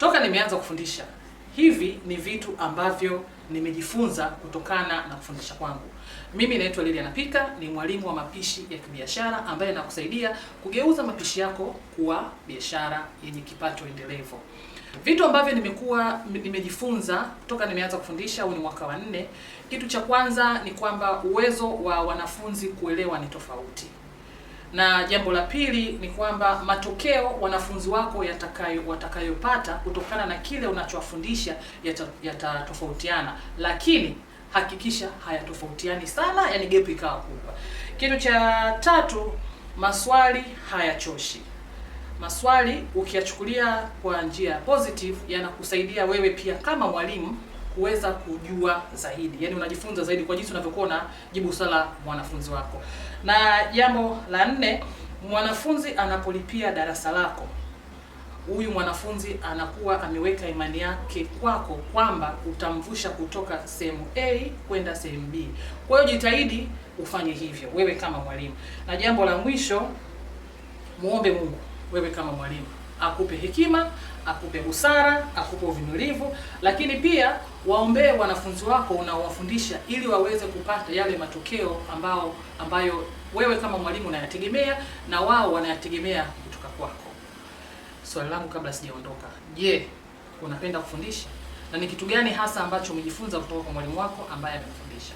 Toka nimeanza kufundisha hivi ni vitu ambavyo nimejifunza kutokana na kufundisha kwangu. Mimi naitwa lilia napika ni mwalimu wa mapishi ya kibiashara ambaye nakusaidia kugeuza mapishi yako kuwa biashara yenye kipato endelevu. Vitu ambavyo nimekuwa nimejifunza toka nimeanza kufundisha, huu ni mwaka wa nne. Kitu cha kwanza ni kwamba uwezo wa wanafunzi kuelewa ni tofauti na jambo la pili ni kwamba matokeo wanafunzi wako yatakayo watakayopata kutokana na kile unachowafundisha yatatofautiana, yata lakini hakikisha hayatofautiani sana, yani gap ikawa kubwa. Kitu cha tatu, maswali hayachoshi. Maswali ukiyachukulia kwa njia positive, yanakusaidia wewe pia kama mwalimu kuweza kujua zaidi, yaani unajifunza zaidi kwa jinsi unavyokuwa unajibu swali la mwanafunzi wako. Na jambo la nne, mwanafunzi anapolipia darasa lako, huyu mwanafunzi anakuwa ameweka imani yake kwako kwamba utamvusha kutoka sehemu A kwenda sehemu B. Kwa hiyo jitahidi ufanye hivyo wewe kama mwalimu. Na jambo la mwisho, muombe Mungu wewe kama mwalimu akupe hekima, akupe busara, akupe uvumilivu, lakini pia waombee wanafunzi wako unaowafundisha ili waweze kupata yale matokeo ambao ambayo wewe kama mwalimu unayategemea na wao wanayategemea kutoka kwako. Swali langu kabla sijaondoka, je, unapenda kufundisha na ni kitu gani hasa ambacho umejifunza kutoka kwa mwalimu wako ambaye amekufundisha?